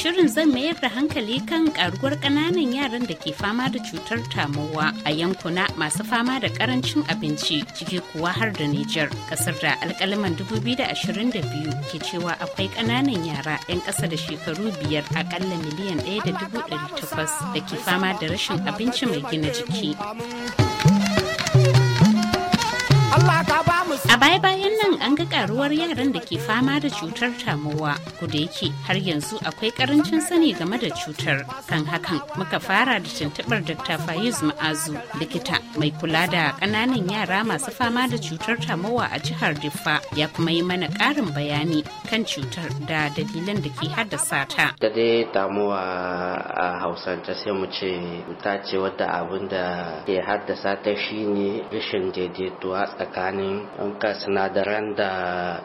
shirin zan mayar da hankali kan karuwar ƙananan yaran da ke fama da cutar tamowa a yankuna masu fama da ƙarancin abinci ciki kuwa har da Nijar, ƙasar da da 2022 ke cewa akwai ƙananan yara 'yan ƙasa da shekaru biyar aƙalla miliyan 1.8 da ke fama da rashin abinci mai gina jiki. Allah ka baya-bayan nan an ga karuwar yaran da ke fama da cutar tamowa da yake har yanzu akwai karancin sani game da cutar kan hakan muka fara da tuntuɓar dr faiz ma'azu likita mai kula da ƙananan yara masu fama da cutar tamowa a jihar diffa ya kuma yi mana ƙarin bayani kan cutar da dalilan da ke haddasa ta da dai tamowa a hausance sai mu ce cuta ce wadda abin da ke haddasa ta shine rashin daidaituwa tsakanin an da sinadaran da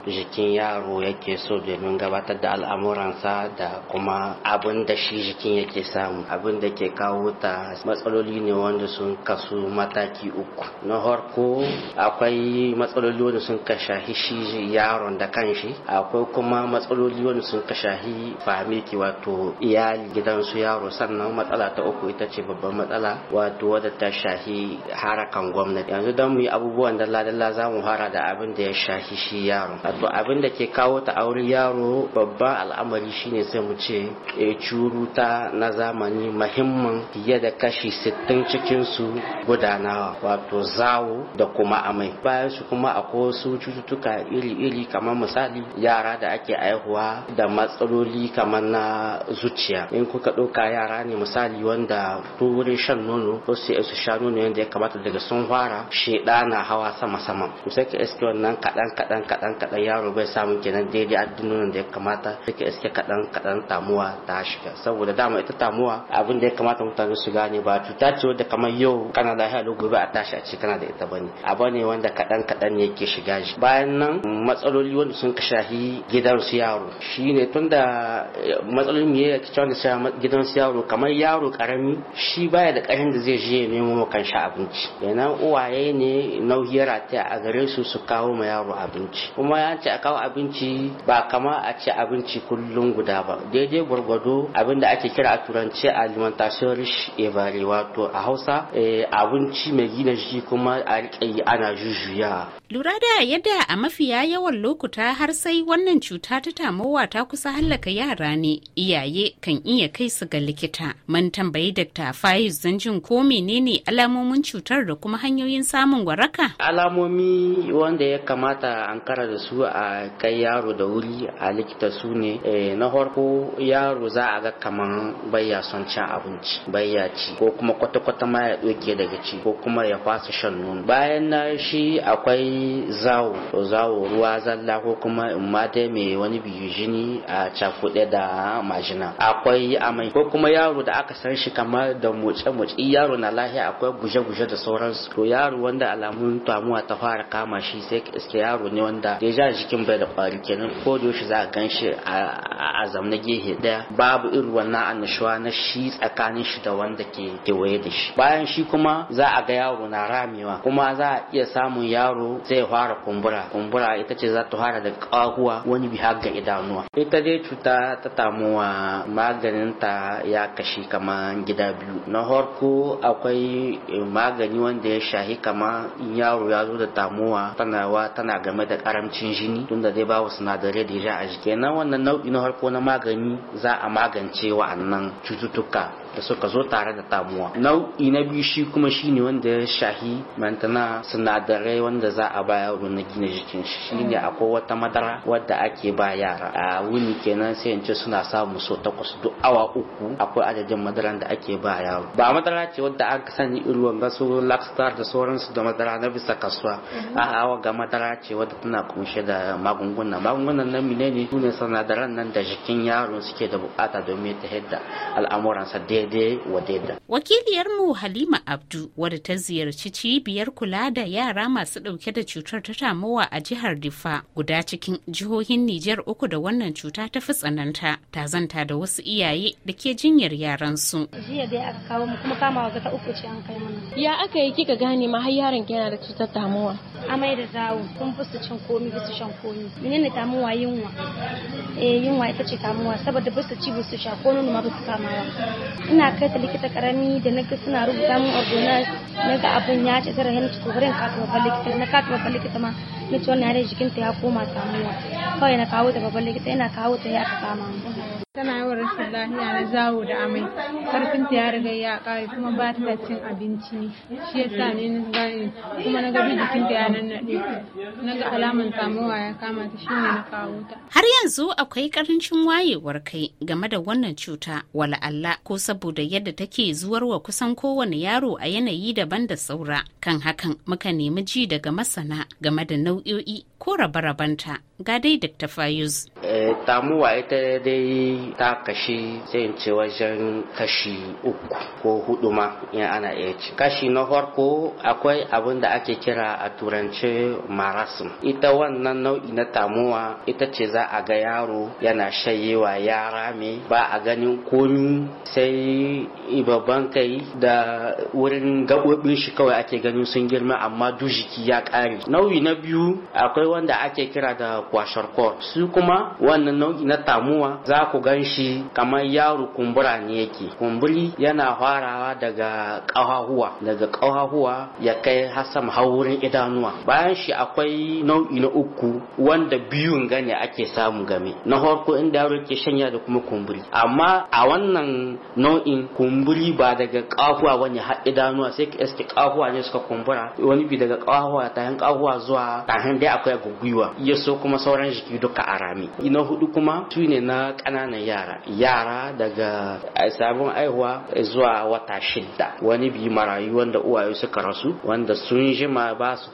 jikin yaro yake so domin gabatar da al'amuransa da kuma abin da shi jikin yake samu abin da ke kawo ta matsaloli ne wanda sun kasu mataki uku na harko akwai matsaloli wanda sun shahi shi yaron da kanshi akwai kuma matsaloli wanda sun kashahi famiki wato iyali gidansu yaro sannan matsala ta uku ita ce babban matsala wato wadda ta shahi harakan gwamnati yanzu don mu yi abubuwan dalla-dalla za mu fara da abin da ya shahi shi yaro to abin da ke kawo ta aure yaro babban al'amari shine sai mu ce e curuta na zamani mahimman fiye da kashi sittin cikin su gudanawa wato zawo da kuma amai bayan su kuma akwai wasu cututtuka iri-iri kamar misali yara da ake aihuwa da matsaloli kamar na zuciya in kuka ɗauka yara ne misali wanda to wurin shan nono ko sai su sha nono yadda ya kamata daga sun fara shaiɗa na hawa sama-sama sai ka ciwon nan kaɗan kaɗan kaɗan kaɗan yaro bai samu kenan daidai addinin da ya kamata suke iske kaɗan kaɗan tamuwa ta shiga saboda dama ita tamuwa abin da ya kamata mutane su gane ba cuta ce wadda kamar yau kana lafiya da gobe a tashi a ce kana da ita bane abu ne wanda kaɗan kaɗan ne ke shiga shi bayan nan matsaloli wanda sun shahi gidan su yaro shine tunda matsalolin mu yake cewa da gidan su yaro kamar yaro karami shi baya da ƙarfin da zai je ya nemo kan shi abinci kenan uwaye ne nauyi rataya a gare su su kawo ma yaro abinci kuma ya ce a kawo abinci ba kama a ci abinci kullum guda ba daidai gwargwado abin da ake kira a turanci alimentation rich evare wato a hausa eh, abinci mai gina jiki kuma a riƙe ana jujjuya lura da yadda a mafiya yawan lokuta har sai wannan cuta ta tamowa ta kusa hallaka yara ne iyaye kan iya kai su ga likita man tambayi dr faiz zanjin ko menene alamomin cutar da kuma hanyoyin samun waraka alamomi wanda ya kamata an kara da su a kai yaro da wuri a likita su ne eh, na farko yaro za a ga kamar baya son cin abinci bayya ci ko kuma kwata-kwata ma ya doke daga ci ko kuma ya fasa shan nono bayan na shi akwai zawo zawo ruwa zalla ko kuma in ma dai mai wani biyu jini a cakuɗe da majina akwai amai ko kuma yaro da aka san shi kamar da motsi-motsi yaro na lahiya akwai guje-guje da sauransu to yaro wanda alamun tamuwa ta fara kama shi sai iske yaro ne wanda deja jikin bai da kwari kenan ko da yaushe za a gan shi a zamna gehe daya babu irin wannan annashuwa na shi tsakanin shi da wanda ke kewaye da shi bayan shi kuma za a ga yaro na ramewa kuma za a iya samun yaro zai fara kumbura kumbura ita ce za ta fara da kahuwa wani bi ga idanuwa ita dai cuta ta tamuwa maganin ta ya kashi kamar gida biyu na farko akwai magani wanda ya shahi kamar yaro ya zo da tamuwa tana tunawa tana game da karamcin jini tunda dai wa sinadarai da ja a jiki na wannan nau'i na farko na magani za a magance wa'annan cututtuka da suka zo tare da tamuwa nau'i na biyu shi kuma shi ne wanda ya shahi mantana sinadarai wanda za a ba yaro na gina jikin shi ne akwai wata madara wadda ake ba yara a wuni kenan sai in ce suna samu so takwas duk awa uku akwai adadin madaran da ake ba yaro ba madara ce wadda aka sani irin wanga su lakstar da sauransu da madara na bisa kasuwa a awa ga madara ce wadda tana kunshe da magunguna magungunan nan mine ne su ne sanadaran nan da jikin yaro suke da bukata domin ta hidda al'amuransa daidai wa daidai wakiliyar mu halima abdu wadda ta ziyarci cibiyar kula da yara masu dauke da cutar ta tamowa a jihar difa guda cikin jihohin nijar uku da wannan cuta ta fi tsananta ta zanta da wasu iyaye da ke jinyar yaransu jiya dai aka kawo mu kuma kamawa ga ta uku ce an kai mana ya aka yi kika gane ma har yaron yana da cutar tamowa amai da zawo kun fi su cin komi ba su shan komi menene kamuwa yunwa eh yunwa ita ce kamuwa saboda ba su ci ba su sha ko nono ma ba su kama ba ina kai ta likita karami da na ga suna rubuta min ordonance na ga abin ya ce hanci ko kokarin kasa babban likita na kasa babban likita ma na ci wannan yare jikin ta ya koma samuwa kawai na kawo ta babban likita ina kawo ta ya aka kama mu tana yawan rashin lafiya na zawo da amai karfin ta ya riga ya kare kuma ba ta cin abinci shi yasa ne na gani kuma na gabi jikin ta ya nannaɗe Har yanzu akwai karancin wayewar kai game da wannan cuta wala Allah ko saboda yadda take zuwar wa kusan kowane yaro a yanayi daban da saura. Kan hakan muka nemi ji daga masana game da nau'o'i ko raba-rabanta ga dai Dr. Fayuz. Tamuwa eh, ita dai ta kashi zai ce wajen kashi uku ko hudu ma in ana iya ci. Kashi na farko akwai abin da ake kira a turance marasm. Ita wannan nau'i na tamuwa ita ce za a ga yaro yana shayewa yara me ba a ganin komi sai babban kai da wurin gaɓoɓin shi kawai ake ganin sun girma amma duk jiki ya ƙare. Nau'i na biyu akwai wanda ake kira da kwasharkor su kuma wannan nau'i na tamuwa za ku gan shi kamar yaro kumbura ne yake kumburi yana farawa daga ƙahahuwa daga ƙahahuwa ya kai hasan haurin idanuwa bayan shi akwai nau'i na uku wanda biyun gane ake samu game na horko inda yaro ke shanya da kuma kumburi amma a wannan nau'in kumburi ba daga ƙahuwa wani har idanuwa sai ka iske ƙahuwa ne suka kumbura wani bi daga ƙahuwa hin ƙahuwa zuwa hin dai akwai shafi gwiwa ya so kuma sauran jiki duka arami. rami na hudu kuma su na kananan yara yara daga sabon aihuwa zuwa wata shidda wani bi marayu wanda uwaye suka rasu wanda sun ma ba su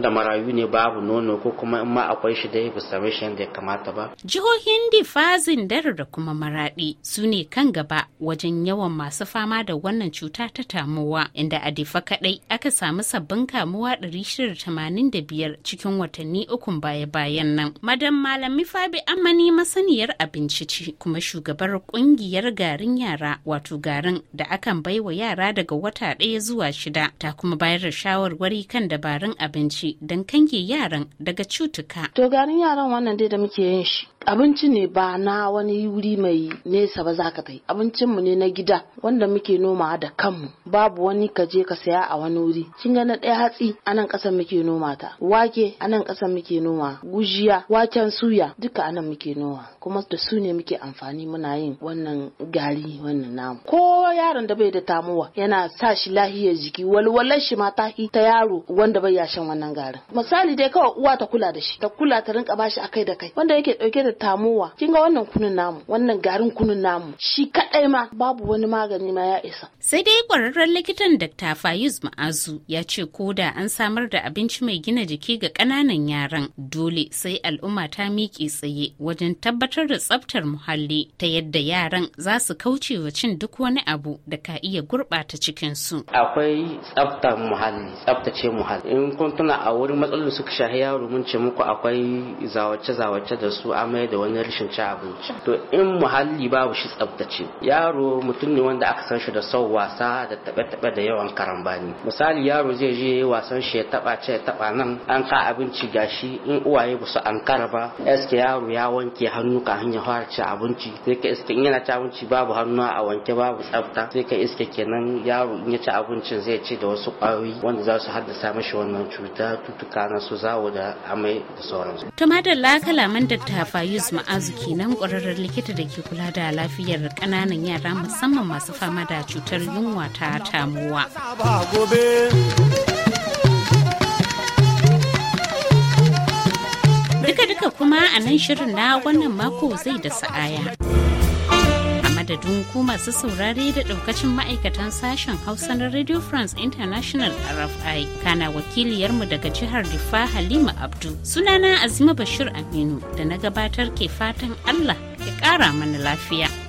da marayu ne babu nono ko kuma in ma akwai shi dai ba same shi da ya kamata ba jihohin difazin dare da kuma maradi su ne kan gaba wajen yawan masu fama da wannan cuta ta tamuwa inda a difa kadai aka samu sabbin kamuwa 685 cikin watanni ukun baya-bayan nan. Madam Malami Fabi Amani masaniyar abinci ce kuma shugabar kungiyar garin yara wato garin da akan baiwa yara daga wata ɗaya zuwa shida ta kuma bayar da shawarwari kan dabarun abinci don kange yaran daga cutuka. To garin yaran wannan dai da muke yin shi abinci ne ba na wani wuri mai nesa ba za ka abincin mu ne na gida wanda muke noma da kanmu babu wani ka je ka saya a wani wuri kin ga na ɗaya hatsi anan ƙasar muke noma ta wake anan ƙasar muke noma gujiya waken suya duka anan muke noma kuma da su ne muke amfani muna yin wannan gari wannan namu ko yaron da bai da tamuwa yana sa shi lahiyar jiki walwalar shi ma ta ta yaro wanda bai ya wannan garin misali dai kawai uwa ta kula da shi ta kula ta rinka bashi akai da kai wanda yake dauke da da tamuwa kin ga wannan kunun namu wannan garin kunun namu shi ka. kaɗai ma babu wani magani ma ya isa. Sai dai kwararren likitan Dr. Fayuz Ma'azu ya ce ko da an samar da abinci mai gina jiki ga ƙananan yaran dole sai al'umma ta miƙe tsaye wajen tabbatar da tsaftar muhalli ta yadda yaran za su kauce wa cin duk wani abu da ka iya gurɓata su. Akwai tsaftar muhalli, tsaftace muhalli. In kun tuna a wurin matsalar suka shahi yaro mun ce muku akwai zawace-zawace da su amai da wani rashin ci abinci. To in muhalli babu shi tsabtace. yaro mutum ne wanda aka san shi da sau wasa da taɓe-taɓe da yawan karambani misali yaro zai je wasan shi ya taɓa ce taɓa nan an ka abinci gashi in uwaye ba su an kara ba eske yaro ya wanke hannu ka hanyar fara ci abinci sai ka iske in yana ci abinci babu hannu a wanke babu tsafta sai ka iske kenan yaro in ya ci abincin zai ci da wasu ƙwayoyi wanda za su haddasa mashi wannan cuta tutuka na su zawo da amai da sauransu. Tumadar lakalaman Dr. Fayuz Ma'azu kenan ƙwararren likita da ke kula da lafiyar ƙananan ƙananan yara musamman masu fama da cutar yunwa ta tamuwa. Duka-duka kuma a nan shirin na wannan mako zai da sa'aya. adadin ku masu saurare da ɗaukacin ma'aikatan sashen hausa na radio france international rfi kana wakiliyarmu daga jihar difa halima abdu sunana azima bashir aminu da na gabatar ke fatan allah ya kara mana lafiya